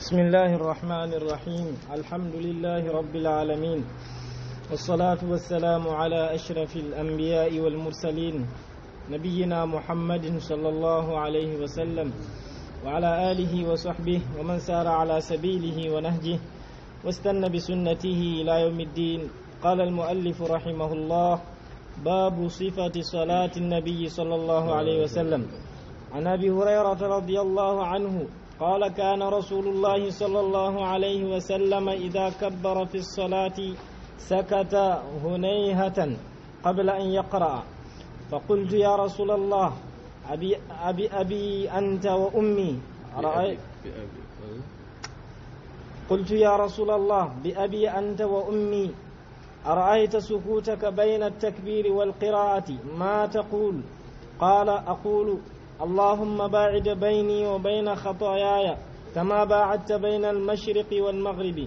بسم الله الرحمن الرحيم الحمد لله رب العالمين والصلاة والسلام على أشرف الأنبياء والمرسلين نبينا محمد صلى الله عليه وسلم وعلى آله وصحبه ومن سار على سبيله ونهجه واستنى بسنته إلى يوم الدين قال المؤلف رحمه الله باب صفة صلاة النبي صلى الله عليه وسلم عن أبي هريرة رضي الله عنه قال كان رسول الله صلى الله عليه وسلم إذا كبر في الصلاة سكت هنيهة قبل أن يقرأ فقلت يا رسول الله أبي, أبي, أبي أنت وأمي رأيت أه. قلت يا رسول الله بأبي أنت وأمي أرأيت سكوتك بين التكبير والقراءة ما تقول قال أقول اللهم باعد بيني وبين خطاياي كما باعدت بين المشرق والمغرب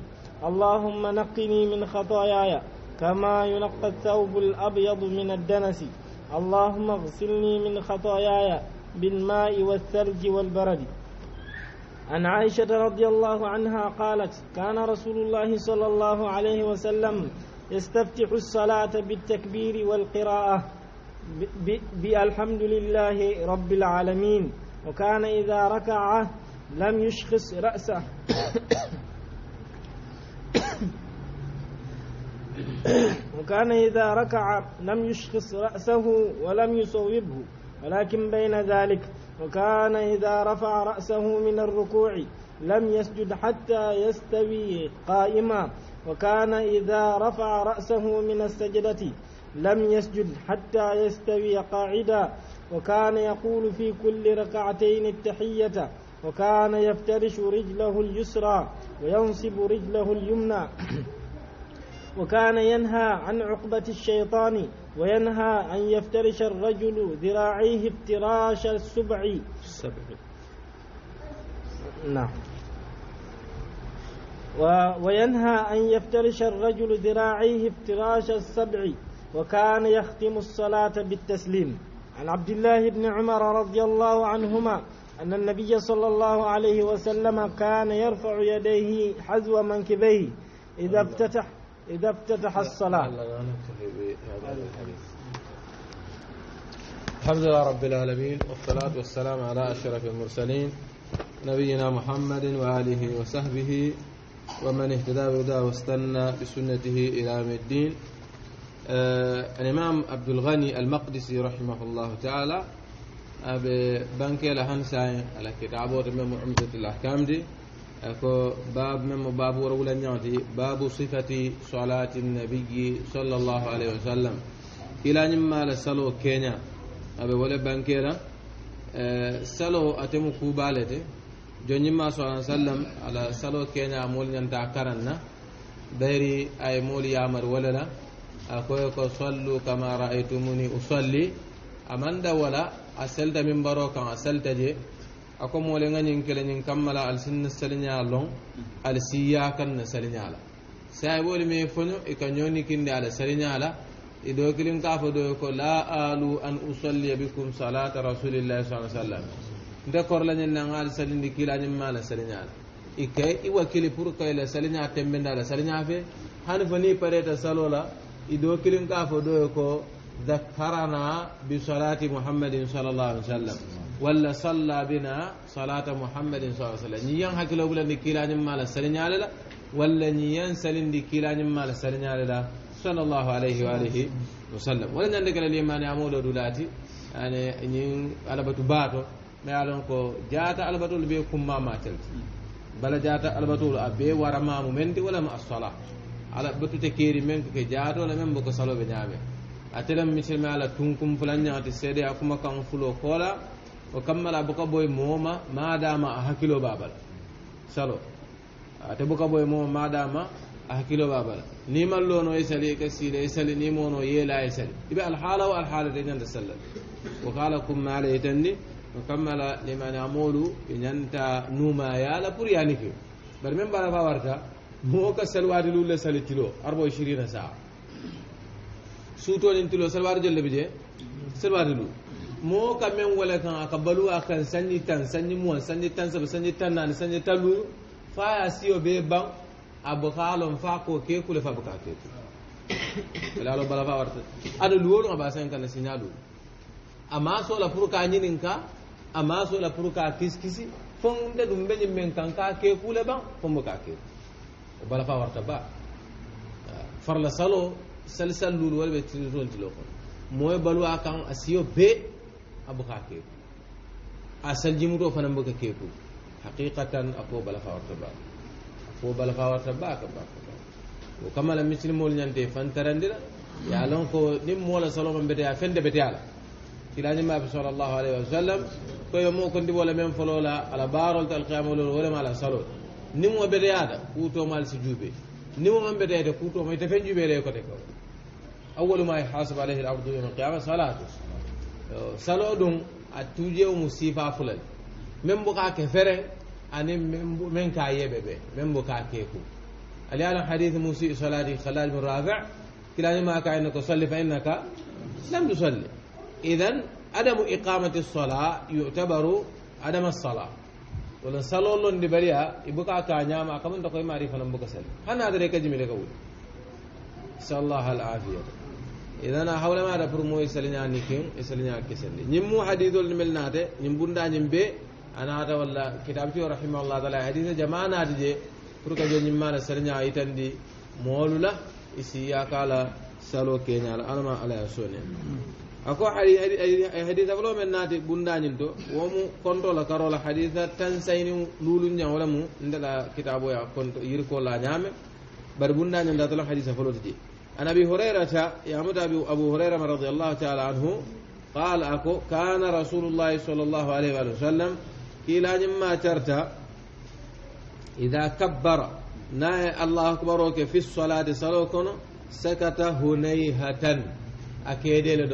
اللهم نقني من خطاياي كما ينقى الثوب الأبيض من الدنس اللهم اغسلني من خطاياي بالماء والثلج والبرد عن عائشة رضي الله عنها قالت كان رسول الله صلى الله عليه وسلم يستفتح الصلاة بالتكبير والقراءة بالحمد لله رب العالمين وكان إذا ركع لم يشخص رأسه وكان إذا ركع لم يشخص رأسه ولم يصوبه ولكن بين ذلك وكان إذا رفع رأسه من الركوع لم يسجد حتى يستوي قائما وكان إذا رفع رأسه من السجدة لم يسجد حتى يستوي قاعدا وكان يقول في كل ركعتين التحية وكان يفترش رجله اليسرى وينصب رجله اليمنى وكان ينهى عن عقبة الشيطان وينهى أن يفترش الرجل ذراعيه افتراش السبع السبع نعم وينهى أن يفترش الرجل ذراعيه افتراش السبع وكان يختم الصلاة بالتسليم عن عبد الله بن عمر رضي الله عنهما أن النبي صلى الله عليه وسلم كان يرفع يديه حذو منكبيه إذا افتتح إذا افتتح الصلاة الحمد لله رب العالمين والصلاة والسلام على أشرف المرسلين نبينا محمد وآله وصحبه ومن اهتدى بهداه واستنى بسنته إلى يوم الدين آه، الإمام عبد الغني المقدسي رحمه الله تعالى بانكي لهن ساين على كتابه من عمدة الأحكام دي أكو باب من باب ورولا نعتي باب صفة صلاة النبي صلى الله عليه وسلم إلى نما لسلو كينيا أبي ولا بانكيرا آه، سلو أتمو كوبالتي نما صلى الله عليه وسلم على سلو كينيا مولي ينتا بيري أي مولي عمر ولا لا akoye ko sallu kama raaitumuni usalli amanda wala a selta min baro kan a selta je ako mole nga ñin kele ñin kammala alsinna salinya long al siya kan na salinya la boli me fonu i e ka ñoni kinde ala salinya la i e do kilin ka fo doyo ko la alu an usalli bikum salata rasulillahi saa sallam nte korlañin nanga ala salindi kila ma mala salinya la i kay i wakkili pour kay la saliña tembinde ala salinya fe hani fo ni pareta salo la إدو كلن كافو دوكو ذكرنا بصلاة محمد صلى الله عليه وسلم ولا صلى بنا صلاة محمد صلى الله عليه وسلم نيان حكي لو بلن كيلا نما لسرن على ولا نيان سلن دي كيلا نما لسرن على صلى الله عليه وآله وسلم ولا نندك للإيمان عمود دولاتي يعني نين ألبة باتو ما يعلم كو جاءت ألبة البيكم ما ماتلت بل جاءت ألبة الأبي ورمام مندي ولم الصلاة ala ɓettute keeri men keke jaatola men boko saloɓe ñaame a telan ala tunkum a kuma kan fulo o kammala madama a salo ate boka madama a ka siila e sali e e nimono yeela e sali iɓe de sallam e kammala men warta moka ka lulle lu le sali kilo arbo shirina saa suutonin tilo salwaati jelle bi je lu moka men wala kan aka balu a kan tan sanni mu sanni tan saba sanni tan naani sanni tan luulu faa ya siyo be ban a bukaalon fa ko ke kule fa buka ke kule alo bala fa warta ado luwolu ba baa sanji kana siñaa luulu amaa so la pour kaa ñinin ka amaa so la pour kaa kisi kisi fon nte dum beñin men kan ka ke kule ban fon bukaa ke kule بلفا ورتبا فرلا سالو سلسل لول ولا بتريرون تلوكم موي بلوا كان اسيو بي ابو كاكي اصل جيمرو فنم بك كيكو حقيقه اكو بلفا ورتبا اكو بلفا ورتبا كبا وكما لم يسلم مول نانتي فانترندلا يا لونكو نيم مولا سالو مبتيا فند بتيالا إلى أن في صلى الله عليه وسلم كي يموكن دي ولا من فلولا على بارول تلقي أمول ولا على صلوه niŋ wo beteyaata kuutoomaali si juubee niŋ wo maŋ beteyata kuutooma ite feŋ juubee la ye kote ko awalu ma yuhasabu alayhi l abdu yauma alqiyama salatu saloo ɗum a tuujewo mu siifaa fula le meŋ buka ke fereŋ aniŋ meŋ ka yeɓe ɓe meŋ buka keeku ali alam hadith musii solati khalad bin rafi kilañima ka ene ko solli fa innaka lam tusolli idan adamu iqamati lsola yutabaru adama lsola walla salolonde mbariya ibuka ka ñama kamanta koye mari fana mboka sel hanadere kajimide ka wuuri inchallah al afiyata idan a hawlemaɗa pour mo isaliñani keng isaliña kesende ñimmu hadisol ndi melnate ñim bundañim be anata walla kitabe tio rahimahullah taala e hadise jamanati je pour que jo ñimmana saliña itandi moolula isiya kala salo keñala alama alaya sonen mm -hmm. ako hadisa folo men naati bundañin to womu kontola karola hadisa tan sayni lulu ñawola mu ndela kitaboya konto yirkola ñaame bari bundañin datolo hadisa foloti je an abi hurairata yamuta abi abu hurairama radiallahu taala anhu qala ako kana rasulullahi sall llahu alayhi walih wa sallam kilañin ma carta ida kabbara naye allahu akbaroke fi solati salokono kono sakata hunayhatan akedele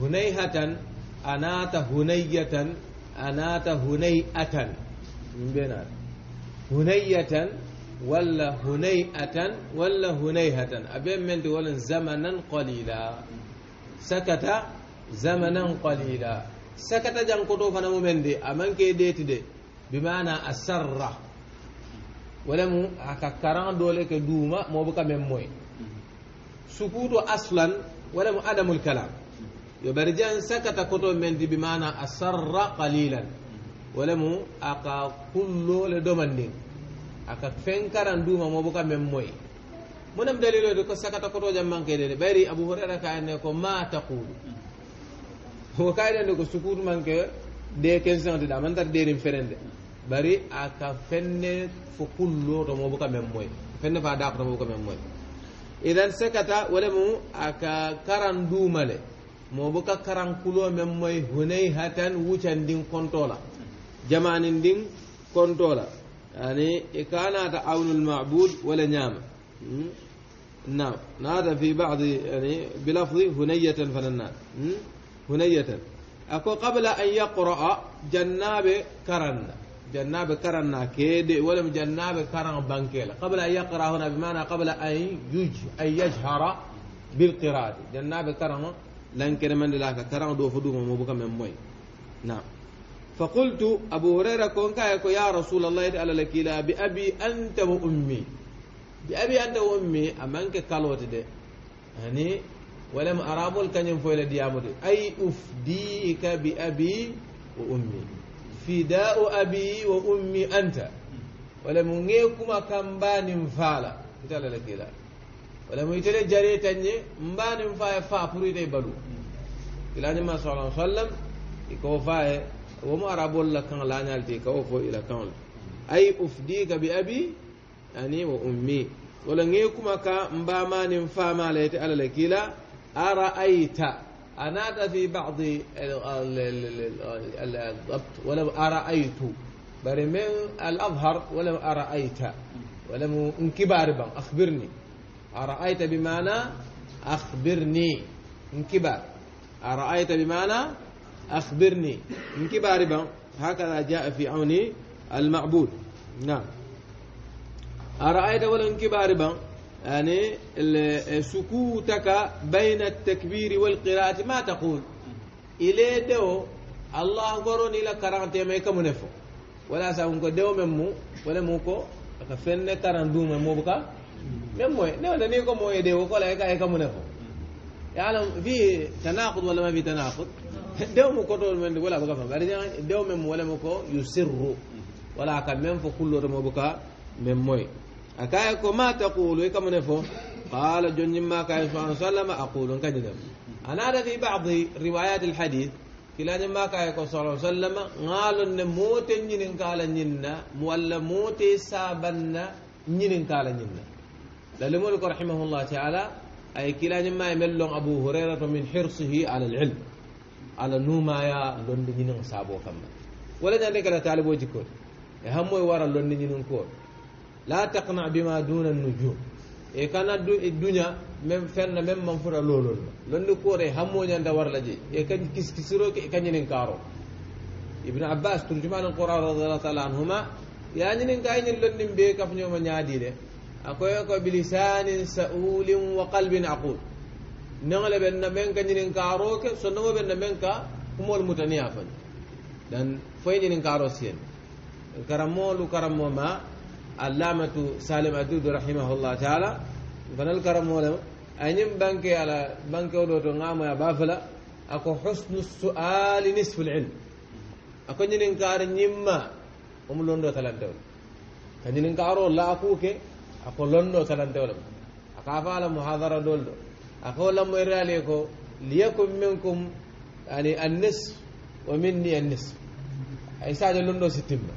hunai hatan anata hunayatan anata hunayatan mbenar hunayatan walla hunayatan walla hunayhatan abe mende walin zamanan qalila sakata zamanan qalila sakata jankoto fana mu mende amanke a sarra asarra mu aka karan dole ke duma mobuka men moy sukudo aslan walamo adamul kalam yo bari jan sakata koto men di bi mana a sarra qalilan walamo aka kullole domandin aka fenkaran duma mobo ka men moy monam dalilode ko sakata koto jam mankedede ɓayri abou hurara ka ne ko ma taqulu o kaydende ko sukutu manke de question di ɗa mantat derim ferende bari aka fenne fo kulloto mobo ka men moy fenne fa daakoto mobo ka men moy إذا سكتا ولمو أكا كران دومالي مو بكا كران كلو من موي هني هاتان وشان دين كونتولا جمان دين كونتولا يعني إكانا عون المعبود ولا نعم نعم هذا في بعض يعني بلفظ هنية فننا هنية أكو قبل أن يقرأ جنابي كران جناب كرنا كيد ولم جناب كرنا بانكيلا قبل أن يقرأ هنا بمعنى قبل أن يج أن يجهر بالقراءة جناب كرن لن من لك كرنا دو فدوم مبوكا من موي نعم فقلت أبو هريرة كونك يا رسول الله على لك لا بأبي أنت وأمي بأبي أنت وأمي أمانك كالوت دي يعني ولم أرامل كان ينفو إلى ديامو دي أي أفديك بأبي وأمي fidau abi wa ummi anta wala mu nge kuma kan bani mfala ita la kila wala mu itele jare tanje mbani faye fa pour ite balu kilañima sala sallam iko faye mu arabol la nyal te kawo fo ila kan le ay ufdika bi abi ani wa ummi wala nge kuma ka ni mfama la ite ala la kila aita أناد في بعض الضبط ولم أرأيت بري من الأظهر ولم أرأيت ولم انكبار أخبرني أرأيت بمعنى أخبرني انكبار أرأيت بمعنى أخبرني انكبار هكذا جاء في عون المعبود نعم أرأيت ولم انكبار يعني سكوتك بين التكبير والقراءة ما تقول إلى دو الله قرون إلى كران تيميك منفو ولا سأقول دو ممو ولا موكو فن كران دو ممو بكا ممو نو نعم، نيكو مو يدو ولا إيكا إيكا منفو يعلم في تناقض ولا ما في تناقض دو مو كتول من ولا بكا فهم يعني دو ممو ولا موكو يسر ولا كان منفو كله مو بكا ممو akaye ko ma taqulu e kamane fo qala jonjimma kaye sa sallam aqulu kañinem anata fi badi riwayat alhadith kilañimma kaye ko sa sallam ŋaalon ne moote ñininkala ñinna walla moote sabanna ñininkala ñinna lalimolu ko rahimahullah taala ay kilañimma e mellon abou hurairata min hirsihi ala alilm ala numaya londe ñinin saabo kamma wala ñande kala talibo jikkoti e hammoye wara londe ñinin koto لا تقنع بما دون النجوم اي كان الدنيا ميم فن ميم منفورا لولول لون كوري همو ني ندوار لا جي اي كان كيس كيسرو كي كان ني نكارو ابن عباس ترجمان القران رضي الله تعالى عنهما يا ني نين كاي ني لون نيم بي كاف نيوما نيادي دي اكو اكو بلسان سؤول وقلب عقول نغلا بن من كان ني نكارو كي سنو بن من كا كومول متنيا دان فين ني نكارو سين كرمولو كرمو علامة سالم أدود رحمه الله تعالى فنالكرم ولم أنيم بنكي على بنكي ولو تنعم يا بافلا أكو حسن السؤال نصف العلم أكو نين كار نيمة أم لوندو تلنتو كنين كارو لا أكو كي أكو لوندو تلنتو لم أكافا محاضرة دولو أكو لم يرى ليكو ليكم منكم يعني النصف ومني النصف أي ساعة لوندو ستمبر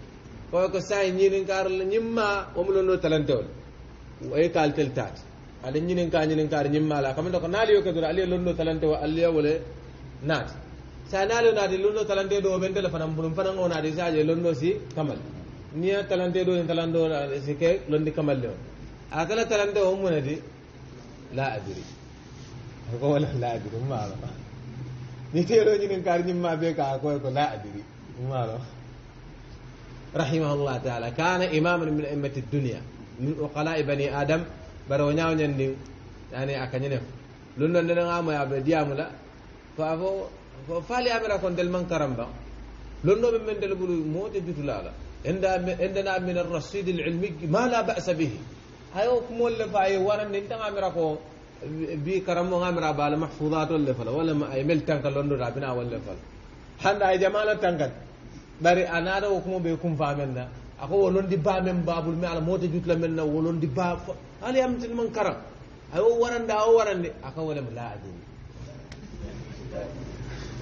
koye ko saye wa ñimma womulo no talantewol wayi kaltel taat ala ñininka la ñimmala kamanta ko naali yo kedora aliye lonno wa aliya wole nat sa naali na di lonno talante ɗo o ɓen tele fanan bulum fanan o sa saje lonno si kamal niya talante do en talante o si ke londi kamal le o a kala talante o munati la adiri ko wala la adiri mumalo ni teeroñininkaar ñimma ka ko la adiri mumalo رحمه الله تعالى كان إماما من أئمة الدنيا من أقلاء بني آدم برونا ونجني يعني أكنينف لون لنا عام يا بديام لا فافو فالي أمرا كون دل من كرمبا لون من من دل بلو موت جتلا لا عندنا من الرصيد العلمي ما لا بأس به أيوة كمول فاي وانا من انت أمرا كون بي كرم أمرا بالا محفوظات ولا فلا ولا ما يمل تنك لون رابنا ولا فلا هذا جمال تنكت bari anada wo kuma be kum famen na ako wolondi ba men babul me ala mota jutla men na wolondi ba ali am tin man karam ay o waranda o warande aka wala la adin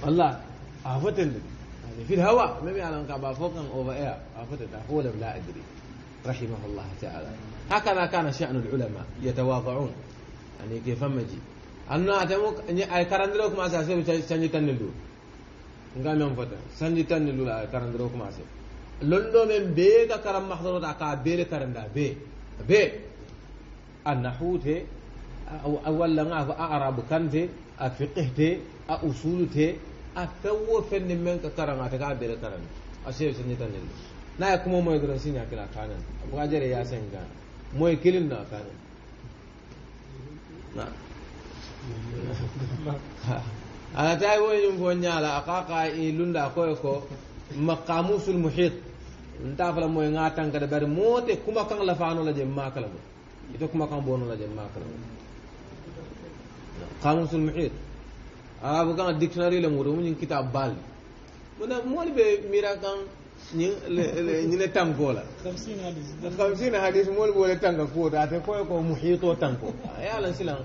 والله عفتن في الهواء ما بيعلم كعبة فوقا اوفر اير عفتن اقول لا ادري رحمه الله تعالى هكذا كان شأن العلماء يتواضعون يعني كيف مجي أنه أتموك أي كرندلوك ما سأسير تنجي تنلو nga men fota sanji tan ni lula karandiro commencé londo men be ka karam mahdaro da ka be le karanda be be annahute walla nga fa arab kante a fiqhte a usulute a tawo fenni men ka karanga ta ka be le karanda a se sanji tan ni na ya kuma moy dran sinya kila bu ga jere ya sanga moy kilin na kana na ala ta yi wani yunfo ñaala aka ka yi lunda koye ko maqamusul muhit ta fala moy nga e tanka da bari moote kuma kan la faano la je makala mo ito kuma kan bono la je makala mo qamusul muhit arabu kan dictionary le mudo mun kitab bal mona mol be mira kan ni le tanko la khamsina hadis mol bo le tanka ko ta te ko muhito tanko ya lan silan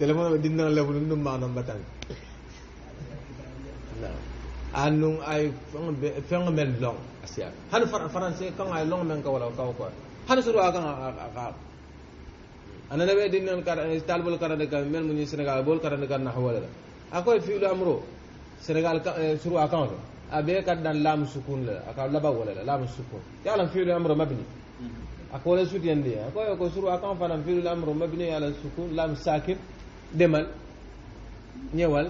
telefono ɓe dinndana lefunin ɗum manon mbatani an nun ay feŋo men loŋ a siya hani français kaŋ ay loŋ men ka wala kaw quoi hani soro a kaŋ a kaab anana ɓe dinnan talibol karande kan men muñi sénégal bol karande kan naha wala la a koye fiilu amro sénégal soro a kaŋo to a ɓe kat dan laamu sukun la aka laba wala la laamu sukun yalan fiilu amro mabni ako wala sutiyandi a koye ko soro a kaŋ fanan fiilu amro mabni yalan sukun laamu sakir demal ñëwal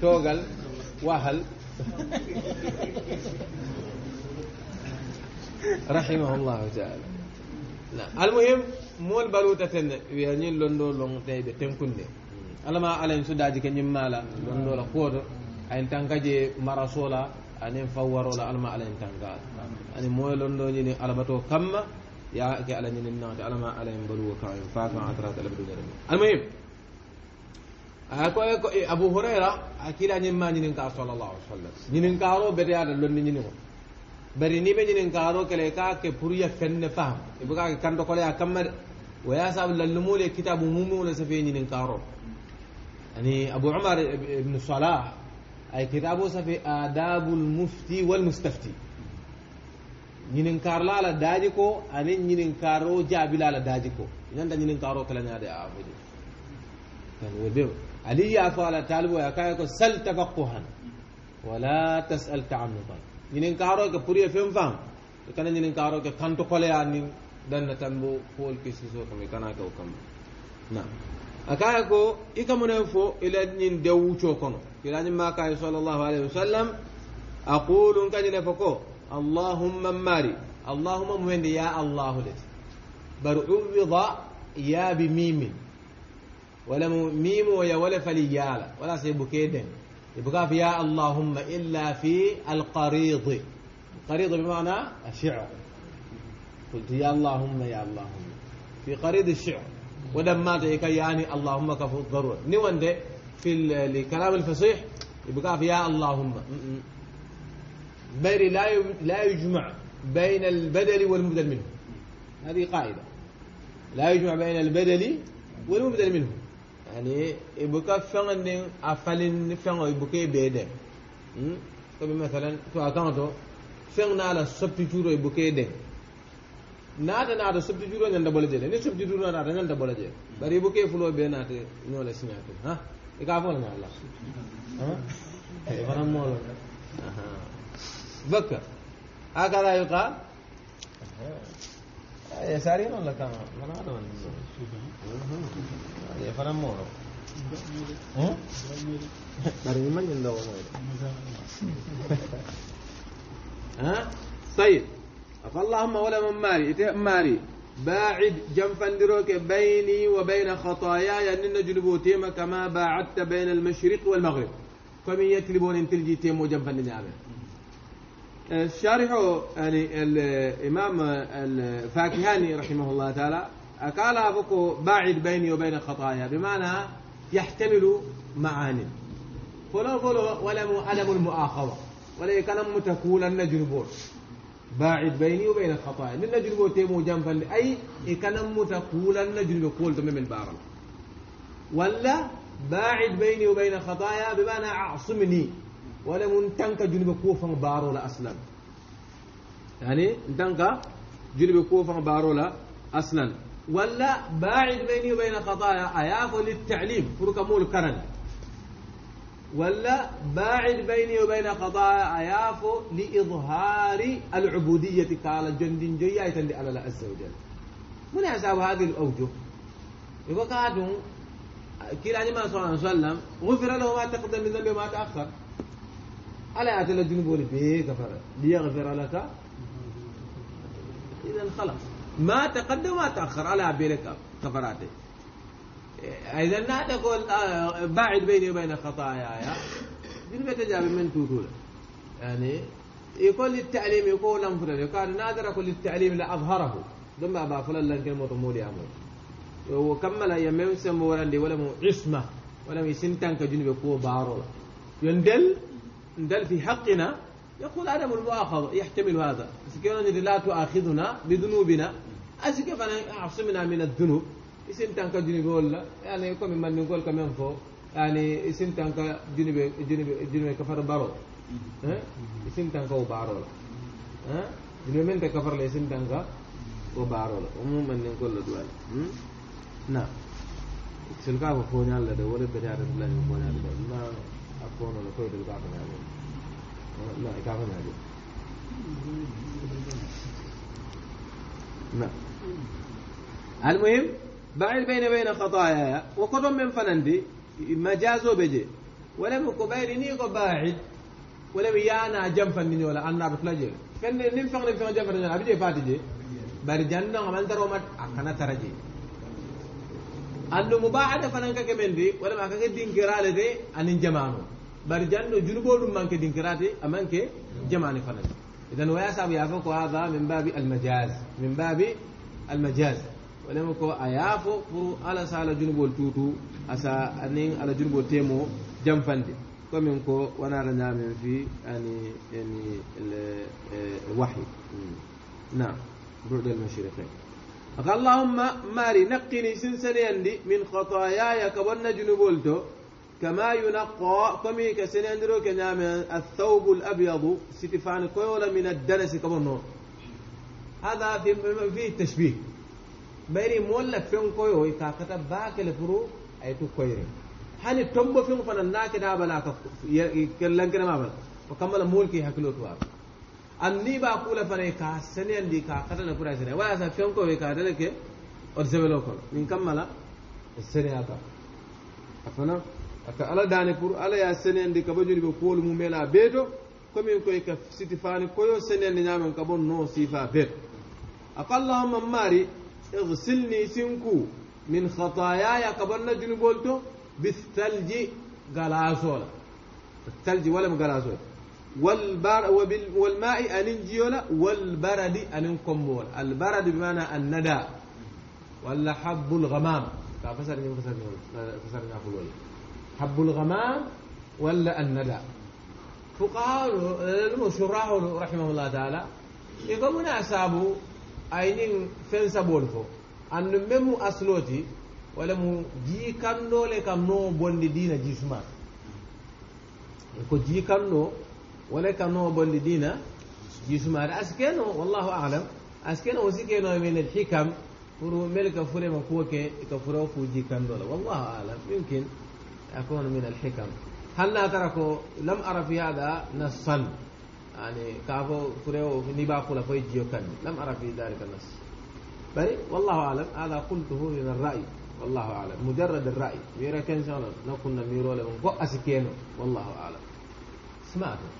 togal waxal rahimahullahu taala almuhim mool balutaten wiya ñin londo long teyɓe tenkunde alama alayn sudaji ke ñim maala londola kooto ayn tanka je marasola anin fawwarola alama alayn tankala ani moye londo ñini alabato kamma ya ke ala ñinin naate alama alayn baluwo kaen faka atrat alabadugarema almuhim Ah, ko eh, abu hurayra akida ñimma ñininka sallallahu alaihi wasallam bari ni be ka ke fenne fam ibu e ka kole wa ya kitabu mumule safi ñininkaro ani abu umar ibn salah ay kitabu safi adabul mufti wal mustafti daji ko la daji ko a afudi كان وبر علي أفعل طالب ويكايك سل تفقها ولا تسأل تعمقا نين كارو كبري فهم فهم كنا نين كارو كان تقول يعني دن تنبو فول كسيسو كم كو كم نعم أكايك إكمن فو إلى نين دو كنو كلا نين ما كاي صلى الله عليه وسلم أقول كنا فكو اللهم ماري اللهم مهند يا الله لتي بر عوض يا بميمين ولم ميم ويا ولا فليالا ولا سيبكيدن يبقى في يا اللهم إلا في القريض القريض بمعنى الشعر قلت يا اللهم يا اللهم في قريض الشعر ولما تيك يعني اللهم كفو الضرورة نيوان دي في الكلام الفصيح يبقى في يا اللهم بين لا لا يجمع بين البدل والمبدل منه هذه قاعدة لا يجمع بين البدل والمبدل منه yani ibuka fɛn din a falin ni fɛn o ibuka e bɛɛ dɛm hmm sabu masalan to a kan to fɛn na la sɔpti bu ibuka e dɛm na da na da sɔpti juro nyanda bɔlɔ jɛ ni sɔpti juro na da nyanda bɔlɔ jɛ bari ibuka e fulo bɛɛ na te n'o la sinya to ha i k'a fɔ na la ha e fana mɔlɔ baka akala yuka يساريين إيه، ولا كمان؟ انا هذا ولا فلان إيه، مورو إيه؟ ها طيب فاللهم ولا من ماري ماري باعد جنفندروك بيني وبين خطاياي أن جنبو تيما كما باعدت بين المشرق والمغرب فمن يكلبون تلجي تيمو جنفندروك الشارح يعني الإمام الفاكهاني رحمه الله تعالى قال فكو باعد بيني وبين الخطايا بمعنى يحتمل معاني فلو قولوا ولم عدم المؤاخذة ولا كان متكولا نجربون باعد بيني وبين الخطايا من نجربو تيمو جنبا أي كان متكولا نجرب قول من البارل ولا باعد بيني وبين الخطايا بمعنى أعصمني wala mun tanka junuba ko fan baro la aslan yani tanka junuba ko fan baro la aslan wala ba'id bayni wa bayna khataaya ayafu lit-ta'lim ولا باعد بيني وبين قضايا ايافو لاظهار العبوديه قال جند جيا يتندي على الله عز وجل من حساب هذه الاوجه يقول كادون كلا ما صلى الله عليه وسلم غفر له ما تقدم من ذنبه وما تاخر على أتى الذنوب بي كفر ليغفر لك إذا خلاص ما تقدم ما تأخر على بيلك كفراته إذا لا تقول آه، بعد بيني وبين خطايا يا ذنوب تجاب من تقول يعني يقول للتعليم يقول فلان قال نادر أقول للتعليم لأظهره ثم أبا فلان لن كلمة مولي أمور وكمل أيام يمين سمو ولندي ولم عصمة ولم يسنتن كجنب يقول بارو يندل دل في حقنا يقول عدم المؤاخذة يحتمل هذا سكينا لا تؤاخذنا بذنوبنا أسكي فأنا أعصمنا من الذنوب اسم تانك جنب ولا يعني يكون من يقول كمان فوق يعني اسم تانك جنب جنب جنب كفر بارو ها اسم تانك وبارو ها جنوب من تكفر لاسم اسم وبارو عموما نقول لدوال نعم سلكا فوني نال ده ولا بدي أعرف لا فوني على ده أكون أنا كويت الإضافة عليه لا إضافة عليه نعم المهم بعيد بين بين خطايا وكرم من فنندي مجازو بجي ولم كبير نيكو باعد ولم يانا جم فنني ولا أنا بفلجي فن نم فن نم فن جم فنني أبجي فاتجي بارجانا عمل ترومت أكنا ترجي allu mubahada fanan kake mendi wala walama kake dinkirale de anin jamano bari jando junubo ɗum manke dinkirate amanke jamaani fanan idan waya sabu yafo ko hada min babi majaz min babi wala mo ko a yafo ala sa junubo junubol tutu asa anin ala junubo temo jamfande komin ko wana wonara min fi ani ani eh, eh, wahyi hmm. na bruɗel mashriqin اللهم ماري نقني سنسني عندي من خطاياي كبرنا جنبولتو كما ينقى كمي كسني عندرو كنام الثوب الأبيض ستفان كويولا من الدنس كبن هذا في في التشبيه بيري مولا فين كويو كاكتا باكل فرو أي تو كويري هل تنبو فين فنناك دابلا كلا ما بلا وكمل مولكي هكلوتو أبدا anni ba kula fare ka sani andi ka kata na pura sere waya sa fion ko be ka dele ke od sebelo ko min kammala sere aka afana aka ala dane pour ala ya sani andi ka bajuri be kool mu mela beto komin koy ka siti fani koyo sani andi nyamen ka bon no sifa bet aka allahumma mari اغسلني سنكو من خطاياي قبلنا جنبولتو بالثلج غلاسولا الثلج ولا مغلاسولا والبر والماء أننجيولا والبرد أننكمول البرد بمعنى الندى ولا حب الغمام فسر فسرنا فلول حب الغمام ولا الندى فقهاء المشراح رحمه الله تعالى يقومون أصابوا أين فين سبولفو أن مم أسلوتي ولا مو جي كانو لكم نو بوندي دينا جيسما ko jikanno ولكن نوبل لدينا جسمار أسكنو والله أعلم أسكنو وسكنو من الحكم فرو ملك فرو مكوك كفرو فوجي كان دولا والله أعلم يمكن أكون من الحكم هل لا تركوا لم أرى في هذا نصا يعني كافو فرو نبا فلا فوجي كان لم أرى في ذلك النص بل والله أعلم هذا قلته من الرأي والله أعلم مجرد الرأي ميرا كان نقول نميرو لهم أسكنو والله أعلم سمعتم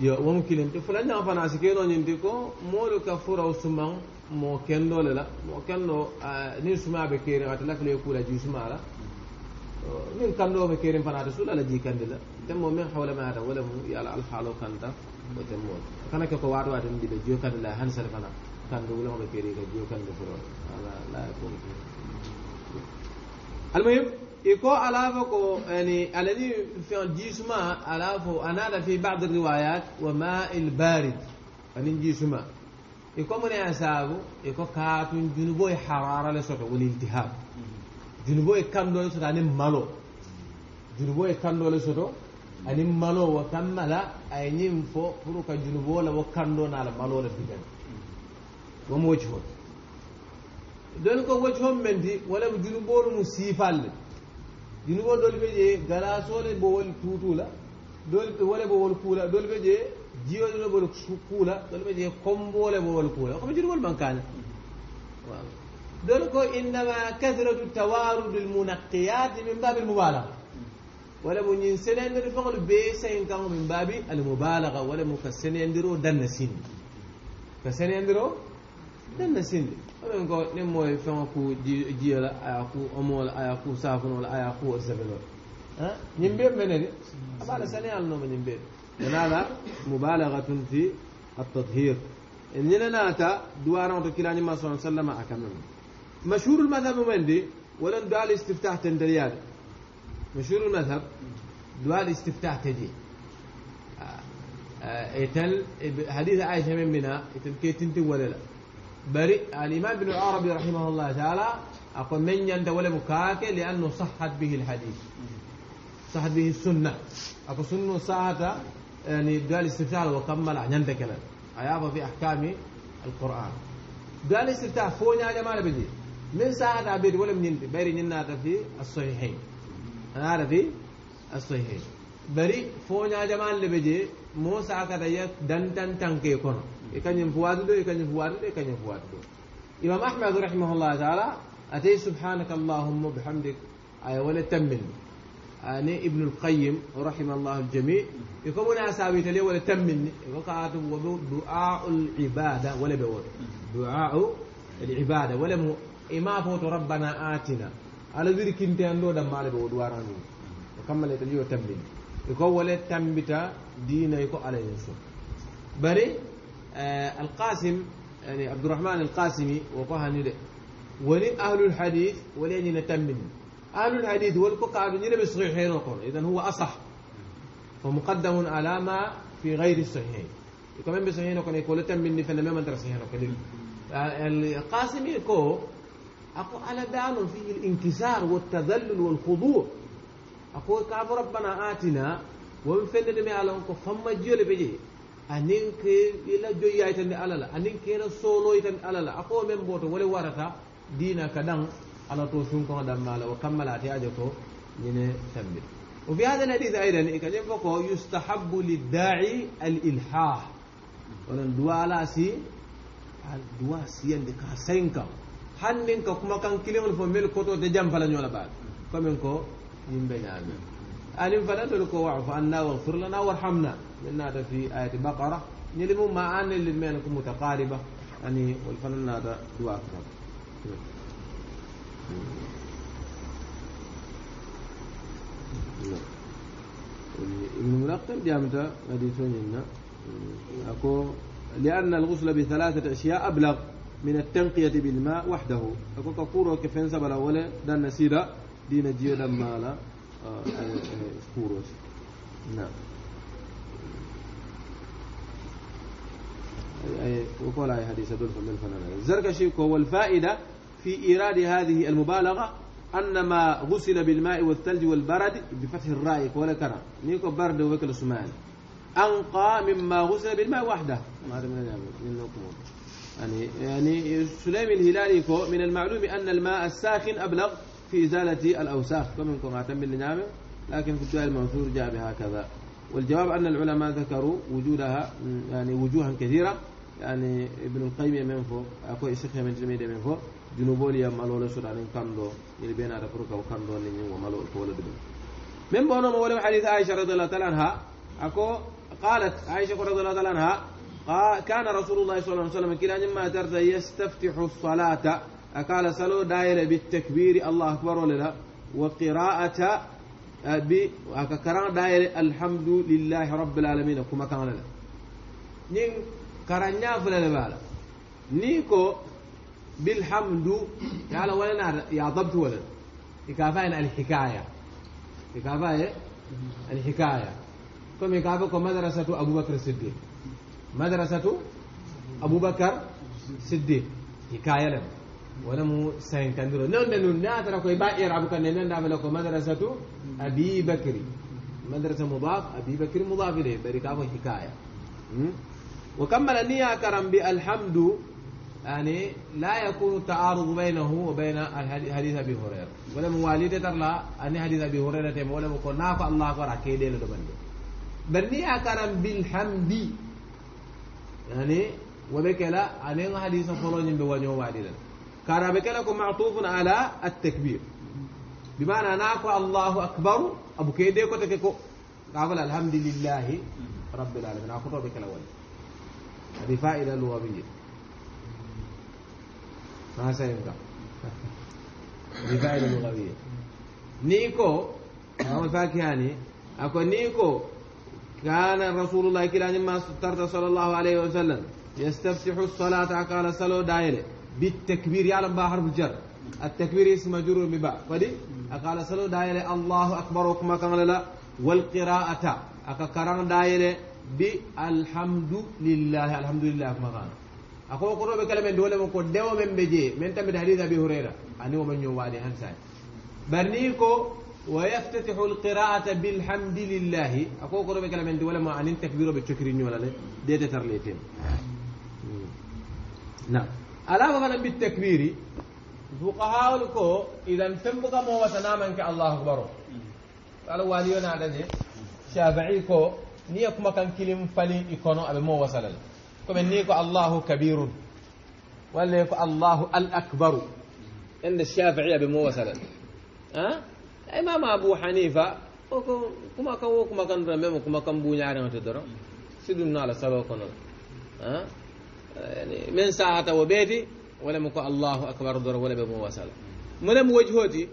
yo wom kilin ti fulan ñaŋ fana si keno ñinti ko moolu ka furaw sumaŋ moo kendo le la moo kendo niŋ suma be keeriŋ ate lakilo ye kuu la suma la niŋ kando be keeriŋ fana ate sula la jiikandi la te moo meŋ ma wo wala mu ye ala alhaaloo kanta wo te moolu kana ke ko waatoo ate ndi be jio kandi la hansal fana kandi wulema be keeri ka jio kandi furo ala la ye koo almuhim يكو ألافكو يعني الذي في جيسما ألافه أنال في بعض الروايات وماء البارد أن الجسم يكو من أسابو يكو كاتون جنوبو حرارة لسوتو والالتهاب جنوبو كم دولة سوتو أني مالو جنوبو كم دولة سوتو أني مالو ملا أي نيمفو فروك جنوبو لو كم دولة على مالو لفتن وموجهو دونك وجههم مندي دي ولا جنوبو مسيفال junubol dol be je galasole bo wol tutula dol be wole bo wol kula dol be je jiyodole bo wol kula dol be je kombole bo wol kula ko be junubol bankane waaw dol ko innama kathratu tawarud al munaqqiyat min bab al mubalagha wala mo ñin senendir fongol be sayin kango min babi al mubalagha wala mo ka senendiro danna sindi ka senendiro danna sindi oɗon ko nin moye feŋo ku jiyo la a ye ku omo la a ye ku safuno la a ye ku wol safelo la ñiŋ bee mene de a baa la saneyal nooma ñiŋ bee de wona la mubalagatun fi التطهير ñene naata duwaraŋo to kilañima sa sallama a kamem mashhurul madhab men de walan duwal istiftah tentariyaade mashhurul madhab duwal istiftah teje etel hadise aicha men mbina etel ke tinti wole la بري الإمام ابن العربي رحمه الله تعالى أقول من يند ولا بكاك لأنه صحت به الحديث صحت به السنة أقول سنة ساعة يعني قال استفتاح وكمل عن يندك أيابا في أحكام القرآن قال استفتاح فوني هذا ما بدي من ساعة عبيد ولا من يندي بري ننا في الصحيحين أنا في الصحيحين بري فوني هذا ما موسى كذا مو ساعة دن تنكي كونه يكنم فواد دو يكنم فواد دو يكنم فواد دو إمام أحمد رحمه الله تعالى أتي سبحانك اللهم بحمدك أي ولا تمن أني ابن القيم رحم الله الجميع يقوم ناس عبيت لي ولا تمن وقعت دعاء العبادة ولا بور دعاء العبادة ولا مو إما فوت ربنا آتنا على ذلك انت عنده دم مال بود وارانو وكملت لي وتمن يقول ولا تمن بتا دينا يقول عليه الصلاة بري آه، القاسم يعني عبد الرحمن القاسمي وقها ده ولين أهل الحديث ولين نتمم أهل الحديث والقعد نلبس صحيحين إذا هو أصح فمقدم على ما في غير الصحيحين كمان بصحيحين وكان يقول تم فانا ما انت صحيحين القاسمي كو اكو على دان فيه الانكسار والتذلل والخضوع اكو كعب ربنا اتنا ومن فين دمي على انكو فما جيل بيجي anin ke ila joyya itande alala anin na solo itande alala ako men boto wale warata dina kadan ala to sun ko dan mala wa kammala ta aje ko ne tambit wa fi hadha alhadith aidan ikanyem boko yustahabbu lid-da'i al-ilhah wannan duwala si duwa si da ka sanka hannin ka kuma kan kilimul fo mel koto de jam fala nyola ba comme ko yimbe nyaami alim fala to ko wa'fu anna wa lana warhamna من هذا في آية بقرة نلم ما أن لمن متقاربة يعني والفن هذا دعاء أكثر ابن ملقم جامتا مديتونينا أكو لأن الغسل بثلاثة أشياء أبلغ من التنقية بالماء وحده أكو كفورة كفين سبلا ولا دان نسيرة دين جيدا دمالا أه أه أه نعم وكل أي حديث دول فمن فنانا الزركشي والفائدة في إيراد هذه المبالغة أن ما غسل بالماء والثلج والبرد بفتح الرأي ولا كرا نيكو برد وكل سمان أنقى مما غسل بالماء وحده يعني يعني سليم الهلالي كو من المعلوم أن الماء الساخن أبلغ في إزالة الأوساخ كم يكون أتم لنعمة لكن في السؤال المنثور جاء بهكذا والجواب أن العلماء ذكروا وجودها يعني وجوها كثيرة يعني ابن القيم من فوق أكو إسخ يعني من جميع من فوق جنوبول يا مالول سورة إن كندو إلى بين أرفرك أو كندو نين ومالول كولد من بونا مولم حديث عائشة رضي الله تعالى عنها أكو قالت عائشة رضي الله تعالى عنها كان رسول الله صلى الله عليه وسلم كلا ما ترد يستفتح الصلاة أقال سلو داير بالتكبير الله أكبر ولا وقراءة آه، بأكران داير الحمد لله رب العالمين كما كان لنا كرانيا fulale bala نيكو بالحمد bilhamdu ولنا يا ضبط ولا dabtu الحكاية ikafa الحكاية hikaya ikafa كم يقابلكم مدرسة أبو بكر الصديق مدرسة أبو بكر الصديق حكاية لهم ولم سين كندرو نون نون ترى كوي باير أبو كندرو نون نعمل نعملكم مدرسة أبي بكر مدرسة مضاف أبي بكر مضاف إليه بريكافه حكاية وكمل النية كرم بالحمد يعني لا يكون التعارض بينه وبين الحديث أبي هريرة ولا مواليد ترلا أن حديث أبي هريرة ولا مكون نافع الله كرا كيدي لدبند برنية كرم بالحمد يعني وبكلا أن حديث فلان بوجه والدا كان بكلا معطوف على التكبير بمعنى نافع الله أكبر أبو كيدي كتككو قال الحمد لله رب العالمين أكبر بكلا ولا بفائدة لغوية ما سيبقى بفائدة لغوية نيكو نعم الفاكهاني يعني. أكو نيكو كان رسول الله كلا نما سترت صلى الله عليه وسلم يستفسح الصلاة قال صلوا دائرة بالتكبير يعلم بها حرف الجر التكبير اسم مجرور بباء فدي أقال صلوا دائرة الله أكبر وكما قال لا والقراءة أكا كران دائرة بالحمد لله الحمد لله ما مغان أكو كرو بكلمة دولة من كو دو من بيجي من تمد حديث أبي هريرة أني ومن يو يوالي هنسان برنيكو ويفتتح القراءة بالحمد لله أكو كرو بكلمة دولة ما أن تكبير بتشكرين ولا لا ديتا ترليتين نعم ألا فضلا بالتكبير فقهاء لكو إذا تنبغى موتنا منك الله أكبر قالوا واليونا عدني شافعيكو نيا كما كان كلم فلي يكونوا أبي مو وصلل كم نيا الله كبير ولا يكو الله الأكبر إن الشافعي أبي مو وصلل ها الإمام أبو حنيفة كما كان وكما كان رميم وكما كان بو نيا رميم تدرى سيدنا على سبب كنا ها يعني من ساعة وبيتي ولا مكو الله أكبر دور ولا بمو وصل من وجهتي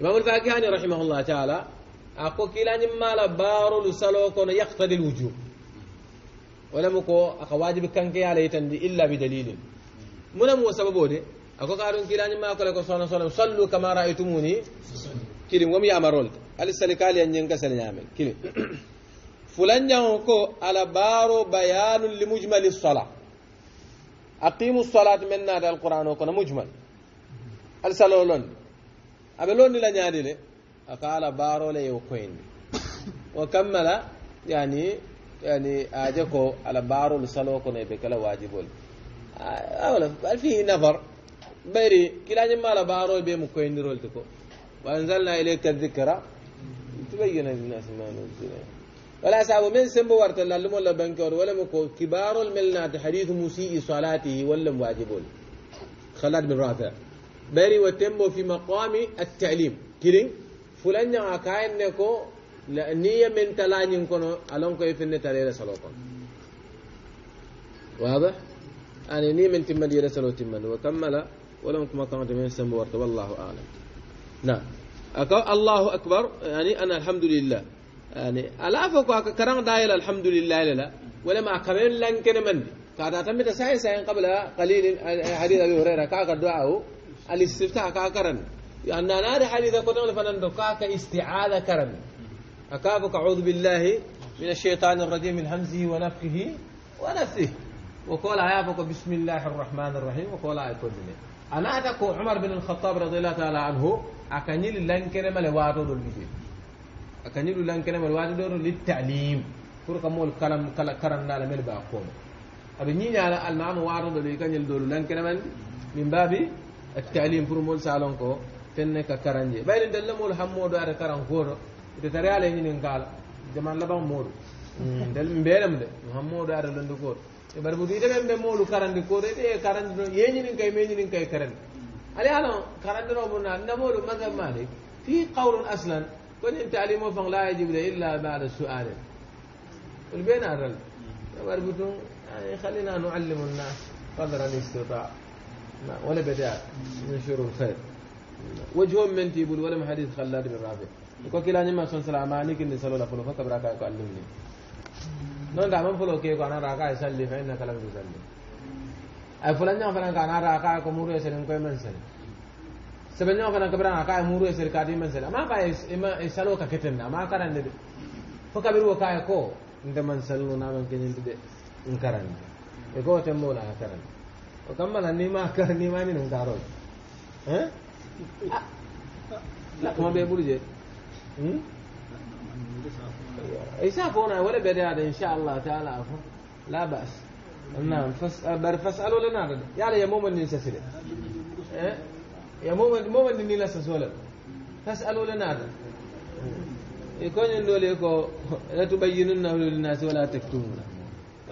إمام الفاكهاني رحمه الله تعالى أكو كيلاني مالا بارو لسالو كون يقتضي الوجوب ولم كو أكو واجب كان كي على يتندي إلا بدليل من مو سببه دي أكو كارون كيلاني ما أكو لكو صلى صلى صلوا كما رأيتموني كيلم ومي أمرولك ألي سلكالي أن ينكسل يعمل كيلم فلان جانكو على بارو بيان لمجمل الصلاة أقيموا الصلاة من نادى القرآن وكنا مجمل ألسلوا لون أبلون لن يعدي أقال بارو ليوكوين وكمل يعني يعني أجكو على بارو لسلو كوني بكلا واجب أولا بل فيه نفر بيري كلا جمع على بارو بيموكوين رولتكو وأنزلنا إليك الذكرى تبين الناس ما نزل ولا سابو من سمبو ورت اللهم ولا بنكور ولا مكو كبار الملنات حديث مسيء صلاته ولا واجب خلاد بن رافع بيري وتمو في مقام التعليم كيرين فلان يعاكاين نكو نية من تلاني نكونو ألون كو يفن تلير سلوكم واضح؟ أنا يعني نية من تمن يرسلو تمن وكمل ولم تمطن من سمو والله أعلم نعم أكو الله أكبر يعني أنا الحمد لله يعني ألا فكو كران دايل الحمد لله للا ولما أكبر لنكن من كان تمت ساين ساين قبل قليل حديث أبي هريرة كاكا دعاه الاستفتاء كاكا رنه يعني أنا أرى حديث كتن فنان دكاك استعاذة كرم أكافك أعوذ بالله من الشيطان الرجيم من همزه ونفخه ونفسه وقول عيابك بسم الله الرحمن الرحيم وقول عيابك آية أنا أتكو عمر بن الخطاب رضي الله تعالى عنه أكني كرم لواتو دول بجي أكني كرم لواتو دول للتعليم فرق مول كرم كرم نال ملبا باقوم أبي نيجي على المعنى واتو دول يكني دول للانكرم من باب التعليم فرمول سالونكو fenne ka karanje bayri nden lemol hammoɗo ara karan goto ite tari ala ñinin kaala jaman laban moɗo ndel mbeɗem de hammoɗo ara londi goto e bari ɓuti iteɓen ɓe molu karandi koto ite karandi ɗo yeñinin kay meñinin kay karandi ali ala karandi no ɓurna namoɗo mazhab malik fi qawlun aslan konin talim o fan la yajibude illa bada sualin ol ɓen aral e bari ɓutum يعني خلينا نعلم الناس قدر الاستطاع ولا بدأ ننشر الخير وجههم من تيبول ولم حديث خلاد بن رافع ko kila kilani ma son sala amani kin salo la fulo fakabra ka ko allimni non da man fulo ke ko anara ka salli fa inna kalam salli ay fulan nya fana ka anara ka ko muru esen ko men sel sebe nya fana kabra ka muru esen ka di men sel amma ka ima salo ka keten na amma karan ne fakabiru ka ko inda man sallu na man kin de in karan e ko tan mola karan o kammala ni ma karan ni ma ni nun karo eh لقمة بيبرجة يسافونا ولا بداية إن شاء الله تعالى عفو لا بأس نعم فاسأل فاسألوا لنا يعني يا مومن ننسى سلم إيه؟ يا مومن مومن ننسى سولم فاسألوا لنا يكون يندول يكو لا تبيننه للناس ولا تكتمونه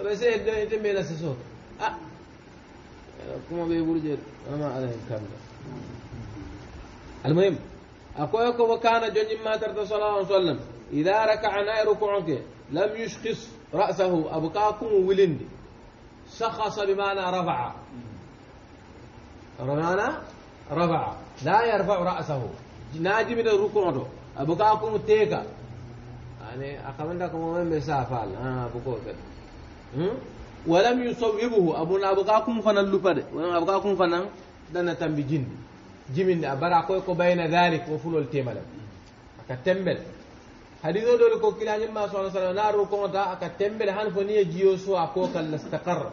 بس يتم ينسى سولم أه كما بيقول جد ما عليه الكلام المهم أكويكو وكان جن ما ترت صلى الله عليه وسلم إذا ركع نائر ركوعك لم يشخص رأسه أبقاكم ولندي شخص بمعنى رفع بمعنى رفع لا يرفع رأسه ناجي من الركوع أبقاكم تيكا يعني أخمنتكم من مسافة آه، أبقاكم ولم يصوبه أبونا أبقاكم فنلفد ولم أبقاكم فنن دنا تنبجين جيمين برا كوي بين ذلك وفول التيمال اكتمبل هذه دول دول كو كلا نيم ما صلى الله عليه نارو كونتا اكتمبل هان فني جيو سو اكو كان استقر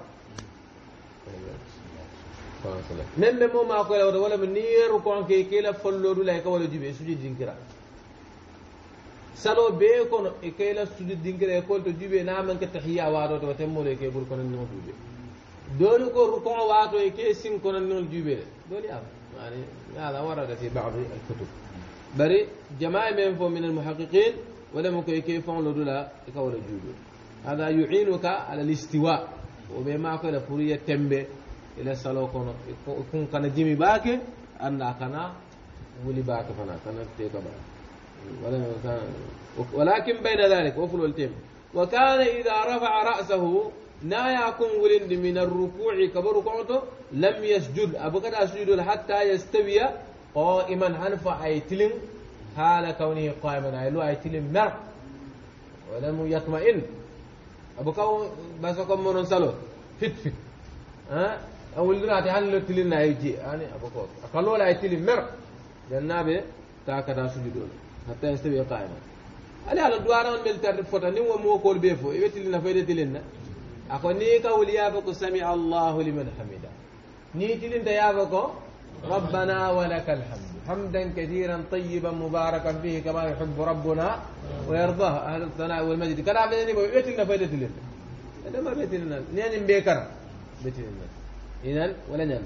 ميم ميم ما كوي لو ولا من نير كون كي كلا فلودو لاي كو لو جيبي سوجي دينكرا سالو بي كون كي لا سوجي دينكرا كول تو جيبي نامن كتحيا وادو تو تمولي كي بركون نمو جيبي دول كو ركوع واتو كي سين كون نون جوبي دولي يا آه. يعني هذا ورد في بعض الكتب بري جماعة من فو من المحققين ولم يكن كيف لدولا كول جوبي هذا يعينك على الاستواء وبما كل فوريه تمبي إلى كون كون كان جيمي باكي أن كانا ولي باكي فنا كان تيكا ولكن بين ذلك وفلو التيم وكان إذا رفع رأسه نايا ولند من الركوع كبر قعده لم يسجد أبو كده سجود حتى يستوي قائما هنفع أيتلم حال كونه قائما أيلو أيتلم مر ولم يطمئن أبو كون بس كم من سلو فت فت ها أول دنا تهلو تلين يجي يعني أبو كون قالوا لا أيتلم مر جنابه تا كذا سجد حتى يستوي قائما علي ala duwaran mel tarde fota ni wo mo kol be ako ni ka سمع الله لمن حمدا allahu لنت يا ni ربنا ولك الحمد حمدا كثيرا طيبا مباركا فيه كما يحب ربنا ويرضاه اهل الثناء والمجد كلا عبد الله بيت لنا فائده لنا هذا ما بيت لنا نين بيكر بيت لنا اذا ولا نعم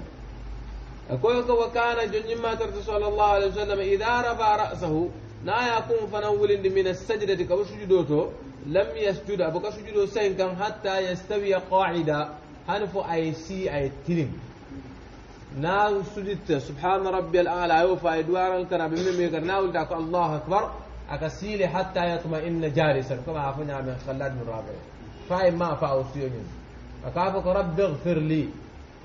أكويك وكان جن ما ترد صلى الله عليه وسلم إذا رفع رأسه لا يقوم فنول من السجدة كوش جدوته لم يسجد أبوك سجد سين كان حتى يستوي قاعدة هنفو أي سي أي تلم ناو سجدت سبحان ربي الأعلى يوفى أيوة إدوار الكرة بمم يقر ناو تاكو الله أكبر أكسيلي حتى يطمئن جالسا كما عفونا من خلاد من رابع فاي ما فاو سيونين أكافك رب اغفر لي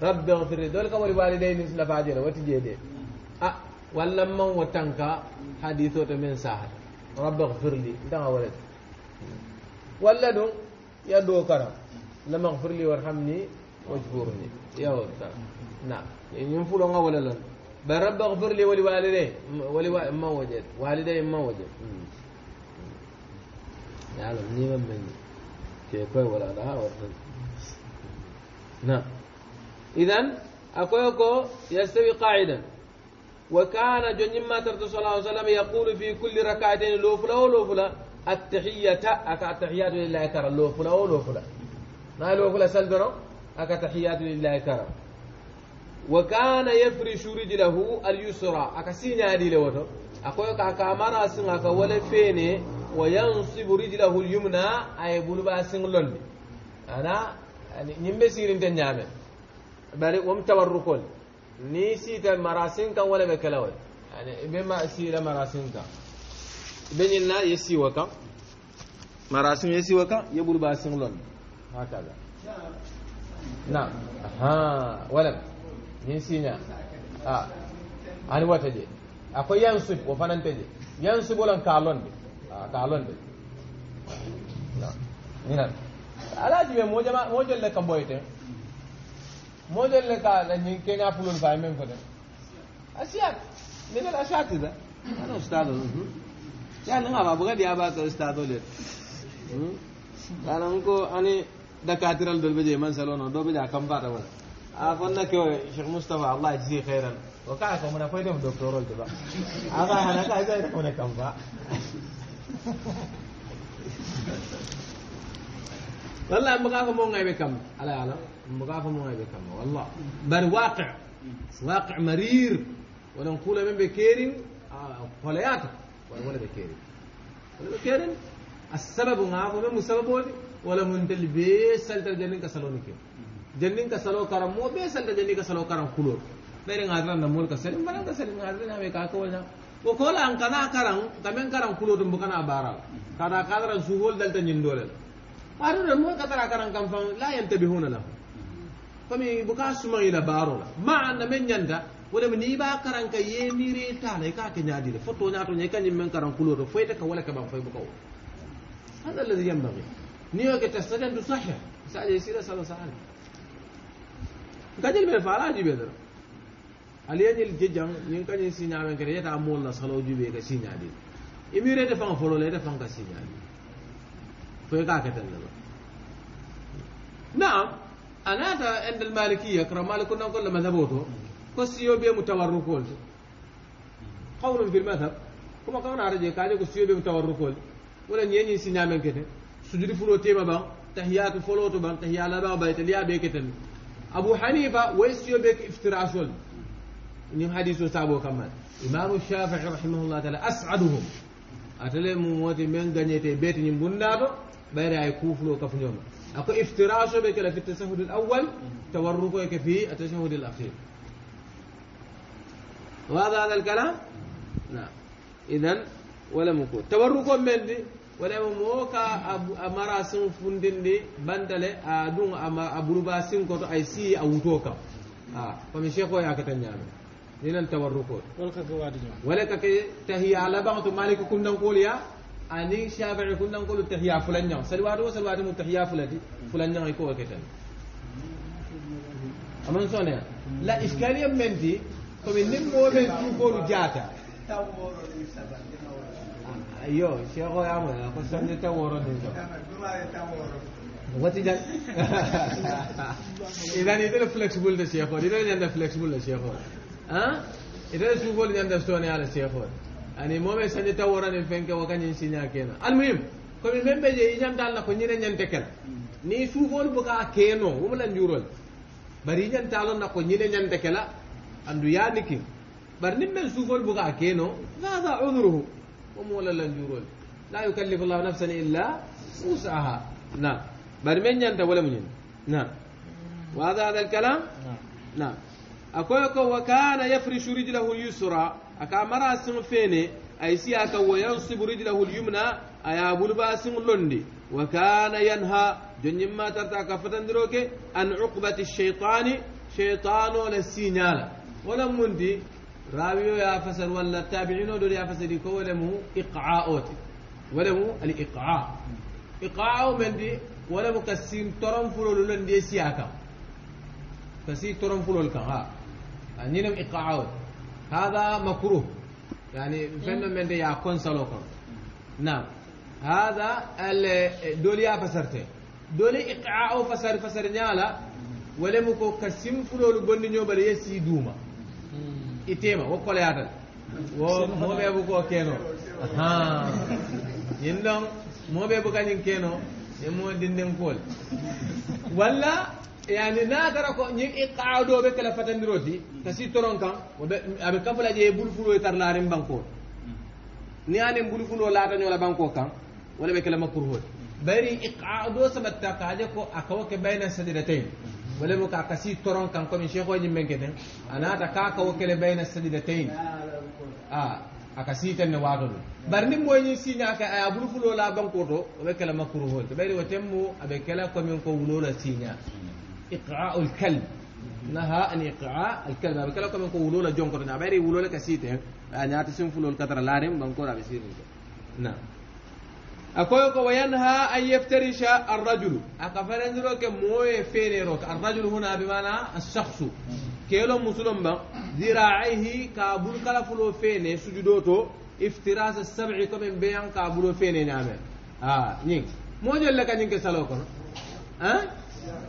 رب اغفر لي دولك والوالدين مثل فاجر وتجيدي أه ولما وتنكا حديثه من ساحر رب اغفر لي ده ولد ولا دون يا دو كرم لما اغفر لي وارحمني واجبرني يا رب نعم ينفلون يعني ولا لا برب اغفر لي ولوالدي ولوالدي ما وجد والدي ما وجد يا يعلم نيما مني كيف ولا لا ورد نعم إذن أكويكو يستوي قاعدا وكان جنما ترت صلى الله عليه وسلم يقول في كل ركعتين لوفلا ولوفلا التحية أكا التحيات لله كرا لو فلا ولو فلا ما لو فلا سلبرو أكا تحيات لله كرا وكان يفرش رجله اليسرى أكا سينا دي لوتو أكو كاكا مانا سنغا كولا فيني وينصب رجله اليمنى أي بلبا سنغلون أنا يعني نمسير انت نعمل bari wom tawarrukol ni siita marasin kan wala ɓe kelawol yani ɓe ma siira marasin beñin na ye siwo kan marasim ye siwo kan ye ɓuri lon haka hakaza na ha wala ñin sinya a ani wata je akwai ako yansub wo fanante je bolan kalon de ka londe ka londe ñinan alaji ɓe mojama mojolle te boyten mojolle ka ñin keña pulun fa men ko de asiya foten a asiya ti da ana ustade mhm. yani nga mabuga dia ba ko ustado le kanan ko ani dakatiral dol beje man salono do beja kam bata wala a fonna ko sheikh mustafa allah yajzi khairan wa ka ko muna faida mu doktorol ba aga hana ka zai da kuma kam ba والله بقاكم مو غايب كم على على بقاكم مو غايب كم والله بل واقع واقع مرير ولنقول من بكير آه فلياتك ولا بكيري ولا كيرن السبب ما هو من سبب ولي ولا من تل بيسل تل جنين كسلوني كير جنين كسلو كرم مو بيسل تل جنين كسلو كرم كلور بيرن عادنا نمول كسلين بنا كسلين عادنا نامي كاكو ولا وكل أن كنا كرم تمن كرم كلور بمكان أبارا كذا كذا سهول دل تنين دولة أرو نمول كذا كرم كم فان لا ينتبهون له فمي بكاس ما إلى بارولا ما عندنا من ينده wala ni ba karan ka ye miri ta ne ka ke nyadi le foto nyato ne kan men karan kulo to foyta ka wala ka ban foy bukaw hada alladhi yanbaghi ni wa ka tasadan du sahih sa je sira sala sala gajel be faraji be dara aliyanil jejang ni kan ni sinya men kare ta mo la salo jube ka sinya di imire da fan folo le da fan ka sinya di foy ka ka tan na'am anata عند المالكيه كرم مالك كنا نقول مذهبه والسيو بي متوركول قول في المذهب كما كان عرجي كاجي السيو بي متوركول ولا نيني سينامن كده سجدي فلو تيما با تحيات فلو تو با تحيا لا با بيت ليا بي كتن ابو حنيفه ويسيو بي افتراسول ني حديثو سابو كمان امام الشافعي رحمه الله تعالى اسعدهم اتلم موتي من غنيتي بيت ني ñi bundaɗo ɓayre كوفلو kuuflo kaf ñooma ako iftirage ɓe kala fi tasahud l awal tawarruko وهذا هذا الكلام نعم إذن ولا مكو توركم من دي ولا موكا أمارا سن فندين دي بندل أدون أبروبا سن كتو أي سي أوتوكا آه فمن شيخو يا كتنيامي نعم. لنن توركو ولا كك تهي على بعض مالك كنا نقول يا أني شافعي كنا نقول تهي فلان يوم نعم. سلواتو سلواتو متهي فلان فلان يوم يكو كتن أمن صنع لا إشكالية من دي komi nin moo ɓe duukoolu jaata yo cheikh o yamoya ko sanni tan woro nin ɗo wati jan idan itene flexible de cheikh o itene ñanda flexible de cheikh o a itene suufoolu ñanda stoone ala cheikh o ani moome sanni tan woranin fenke wo kañin siña kena almuhim komi men ɓe je i ñamtal na ko ñine ñante kel ni suufoolu buka keeno wumala njuurol bari i ñantaalon na ko ñine ñante kela andu yaniki bar nin men suufol buga keno fahada udruhu omo wala lanjurol la yukallifu llahu nafsan illa usaha nam bari men ñanta wala mu ñin nam wada hada alkalam nam akoy ko wa kana yafrishu rijlahu yusra aka mara sin fene ay siya ka wa yansibu rijlahu alyumna aya bulba sin londi wa kana yanha jonnyimma tarta ka fatandiroke an uqbati shaytani shaytano le signala ولم مندي راويو يا فسر ولا التابعين دول يا فسر يكو ولمو إقعاءات ولمو الإقعاء إقعاء مندي دي ولمو كسين ترم فلول لن دي سياكا كسي ترم فلول كان ها أنينم يعني إقعاء هذا مكروه يعني فن من دي يا كونسالوكا نعم هذا دول يا فسرته dole إقعاء فسر فسر نيالا ولمكو كسيم ko kasim نيوبل gondi nyoba ಇತೇಮ ಒಕ್ಕೊಲೆ ಆಟಲ್ ಓ ಮೋಬೆ ಬುಕ್ ಓಕೇನು ಹಾ ಎಂದಂ ಮೋಬೆ ಬುಕ ನಿಂಕೇನು ಎಮ್ಮೋ ದಿಂದೆಂ ಕೋಲ್ ವಲ್ಲ yani na tara ko ñi qaado be kala fatandiro ti tasi toron kan abe kafula je bulfulo tar la rim banko ni ane bulfulo la tan yola banko kan wala be kala makruh bari iqaado sabatta kaaje ko akaw ke bayna sajdatayn wala mu ka kasi toron kan komi shekho ni men keten anata ka ka wokele bayna sajdatayn a akasi ten ne wado bar ni moy ni sinya ka ay aburu fulo la ban ko to be kala makruh ho be wa temmu abe kala komi ko wulo la sinya iqa'u al-kalb naha an iqa'a al abe kala komi ko wulo la jonko na bayri wulo la ten anyata sin fulo kadara larim ban ko rabe sirin na أكوي وينهى أن يفترش الرجل أكفرنزلو كموي فينيروك الرجل هنا بمعنى الشخص كيلو مسلم ذراعيه كابول كلفلو فيني سجدوتو افتراس السبع كم بيان كابولو فيني نعمل آه نين مو جل لك نينك سلوك ها آه؟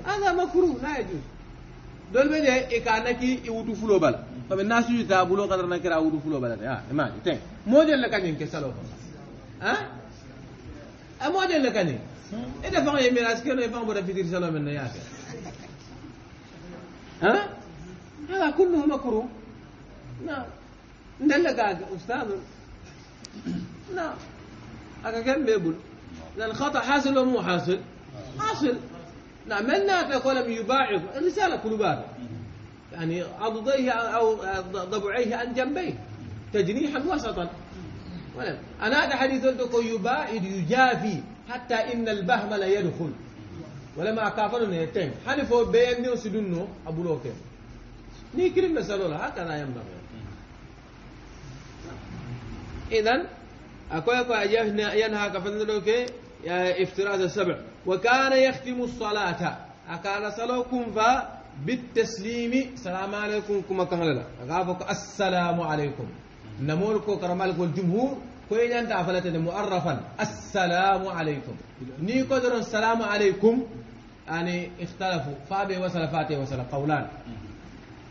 هذا مكروه لا يجوز دول بجي إكانكي يوتو فلو بلا فمن الناس يتابلو قدرنا كرا يوتو فلو بلا آه ما تين مو جل لك نينك سلوك ها آه؟ أمو جل كني إذا فان يميراس كنا يفان بره فكر سلام من يا أخي ها هذا كله مكروه نعم لك أستاذ نعم هكا كم بيقول لأن خطأ حاصل مو حاصل حاصل نعم من نافق ولم يباعف الرسالة قلوبها يعني عضديه أو ضبعيه عن جنبيه تجنيحا وسطا ولم أنا هذا حديث لكو يباعد يجافي حتى إن البهم لا يدخل ولما كافر نيتين هل فو بين نيو سدنو أبو لوكي ني كريم مسألة هكذا ينبغي إذن أكوي أكوي أجافنا ينهى كفن يا افتراض السبع وكان يختم الصلاة أكان صلوكم فا بالتسليم السلام عليكم كما كان لنا السلام عليكم نمول كو كرمال كو الجمهور كوي نانتا فلتن مؤرفا السلام عليكم ني قدر السلام عليكم يعني اختلفوا فابي وصل فاتي وصل قولان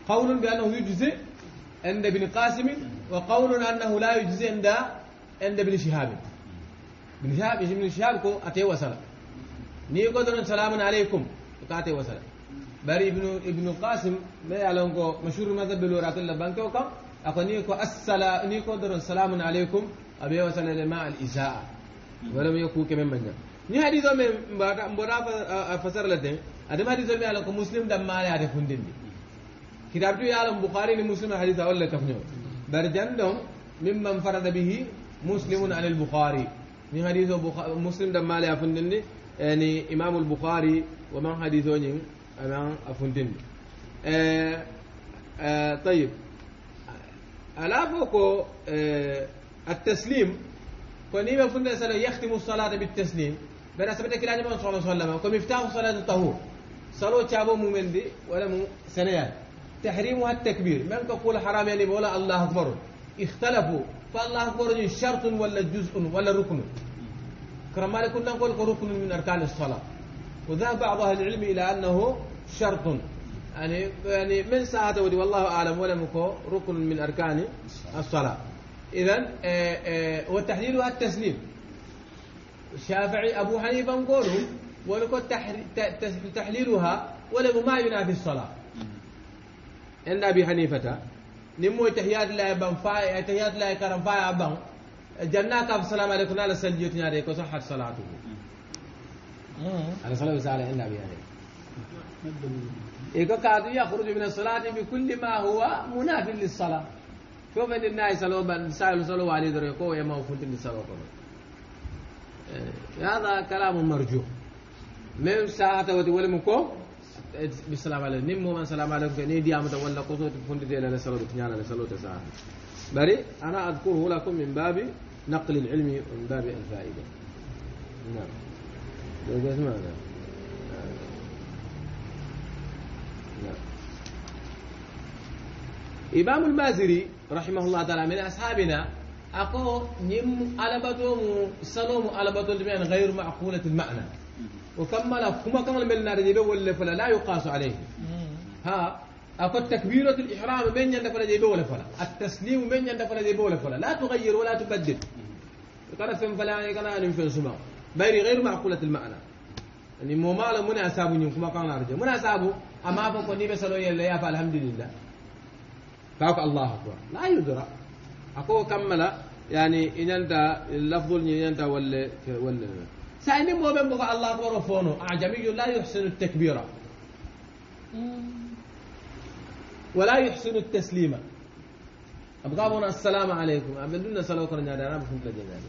قول بأنه يجزي عند ابن قاسم وقول أنه لا يجزي عند عند ابن شهاب ابن شهاب ابن شهاب كو أتي وصل ني قدر السلام عليكم كاتي وصل بري ابن ابن قاسم ما يعلم مشهور مذهب بلورات الله بانكو كم أقنيكو السلام نيكو درن سلام عليكم أبي وصل لما الإزاء ولم يكو كم من جن ني حديث أم بارا مبارا فسر لدين أدم حديث أم على كمسلم دم ما له عرفون دين دي كتاب تو يعلم بخاري المسلم حديث أول لك فنيو برجن دم مم من فرد به مسلم على البخاري ني حديث بخ... مسلم دم ما له عرفون دين دي يعني إمام البخاري ومن حديثه نين أنا عرفون دين دي. أه أه طيب alaafo ko آه، التسليم فنيما فلنا سلا يختم الصلاة بالتسليم بنا سبت كلا نبى صلى الله عليه وسلم كم يفتح صلاة الطهور صلوا شابو مؤمن ولا مو سنيان تحريمها التكبير من تقول حرام يعني ولا الله أكبر اختلفوا فالله أكبر شرط ولا جزء ولا ركن كرما لكنا نقول ركن من أركان الصلاة وذهب بعض أهل العلم إلى أنه شرط يعني يعني من ساعة ودي والله أعلم ولم يكن ركن من أركان الصلاة إذا آه، آه، والتحليل التسليم الشافعي أبو حنيفة نقوله ولكو تحليلها ولم ما ينافي الصلاة عند أبي حنيفة نمو تحيات لا يبان فاي تحيات لا يكرم فاي أبان جنة كف سلام عليكم على سلجيت نادي صحة صلاته على صلاة وسالة عند أبي حنيفة إيكو يخرج من الصلاة بكل ما هو مناف للصلاة شوف أن الناس سلو بن سائل سلو علي دري كو يما وفوت للصلاة هذا كلام مرجو من ساعة وتولم مكو بالسلام عليكم نمو من سلام عليكم ني ديامة ولا قصوت فوت ديلا لسلو تنيانا صلوا تسعة بري أنا أذكره لكم من باب نقل العلم من باب الفائدة نعم ماذا نعم. إمام المازري رحمه الله تعالى من أصحابنا أقول نم على بدوم سلوم على بدوم جميعا غير معقولة المعنى وكمل كما كمل من النار جيبه ولا فلا لا يقاس عليه ها أقول تكبيرة الإحرام من يندفع فلا جيبه ولا فلا التسليم من يندفع فلا جيبه ولا فلا لا تغير ولا تبدل قال فين فلا كان فين سما غير معقولة المعنى ni mo mala muna sabu nyum kuma kan arje muna sabu amma fa ko ni be salo yalla ya fa alhamdulillah fa ko allah akbar la yudra ako kamala yani inanta lafdul ni inanta walle walle sa ni mo be ko allah akbar fono a jami yu la yuhsinu takbira ولا يحسن التسليم أبغابنا السلام عليكم أبن دون سلام كرنا دارا بفهم لجنالي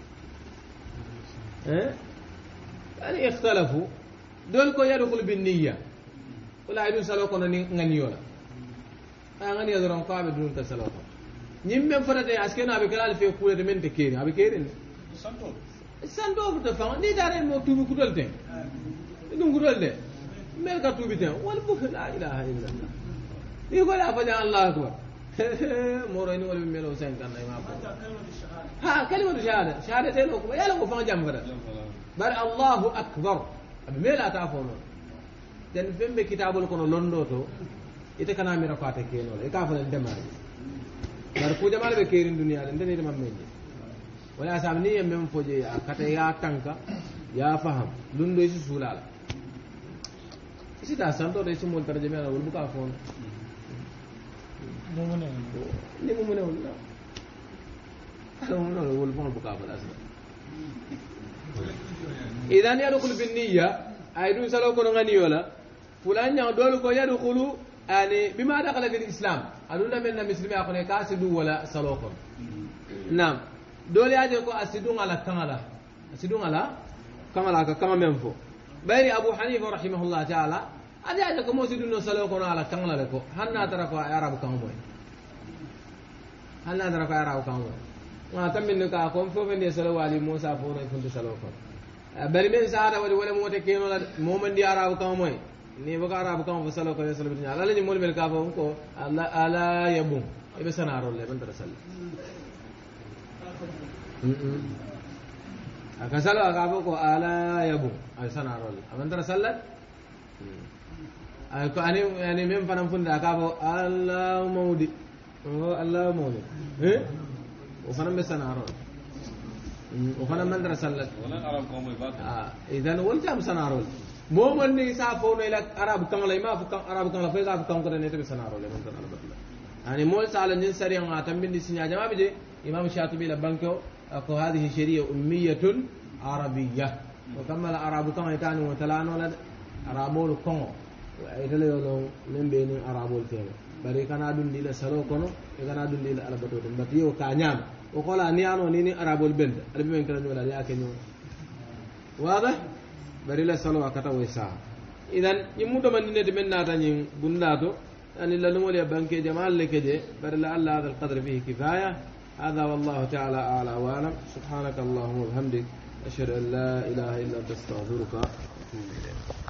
يعني اختلفوا دول كو يدخل بالنية ولا يدون سلوكو نني غنيو لا آه، غنيو درون قاب دون تسلوكو نيم بن فرات اسكنو ابي كلال في كوره من تكير ابي كيرن سانتو سانتو دفا ني دارن مو تو كودل تين آه. دون كودل دي ملكا توبي تين ولا بوف لا اله الا الله يقول افجع الله اكبر مورين ولا ميلو سان كان ما ها كلمه الشهاده شهادتين وكبر يا لو فان جام فرات بر الله اكبر aɓe meelata fono ten fen ɓe kitabol kono londo to ite kana mira ko ate kenole e ka fonen ndemaji bar kujamale ɓe kerin duniya de ndene ɗemam men je wala sam ni yen men foje ya kata ya tanka ya faham lundo ɗum ɗo isi ta suulala isita santoɗo isi mol tara jamiana wol buka fono ni mumunewol ɗo aɗo mumunewol wol fono buka fola sina إذن يدخل بالنية أيدون سلوكون غنيولا فلان يغدول كو يدخل يعني بما دخل في الإسلام أدونا من مسلمي لك أسدو ولا سلوكون نعم دول يجي كو أسدون على كمالا أسدو على كمالا كما من منفو بيري أبو حنيفة رحمه الله تعالى أدي أجي كو موسدون سلوكون على كمالا لكو هنا تركوا عرب كمبوين هنا تركوا عرب كمبوين ngata min ka kon fo men de sala wali musa fo ray fundu sala ko eh, bari men saada wadi wala mota keno la momen di arabu kan moy ni baka arabu kan fo sala ko ya sala bitnya ala ni mol mel ka fo ko ala ala yabu ibe sana ro le ben tarasal aka sala ka fo ko ala yabu ay sana ro le ben tarasal mm. ay ko ani ani men fanam funda ka fo allah maudi oh allah maudi eh o fana bɛ sanarɔ o fana madrasa la idan wol jam sanarɔ mo mon ni sa fo no la arab kan la ima fo kan arab kan la fe ka fo kan ko ne te sanarɔ يعني مو سال arab سريع ما mol دي سنيا sari an atam الشاطبي لبنكو jama هذه je imam shatibi وكما العرب ko كانوا sharia ummiyatun arabiyya o kamala arabu من بين العرب talano بل arabol kongo دي yolo min be ni arabol tele bari kana dun وقال أني أنا أنا أنا أنا أنا من أنا أنا أنا كنيو واضح أنا سلوا أنا ويسا إذن يموت من نيني أنا ناتني بنداتو أن أنا أنا يا بنك جمال أنا أنا الله هذا القدر فيه كفاية هذا والله تعالى أعلى وأعلم سبحانك اللهم وبحمدك أشهد أن لا إله إلا أنت أستغفرك وأتوب إليك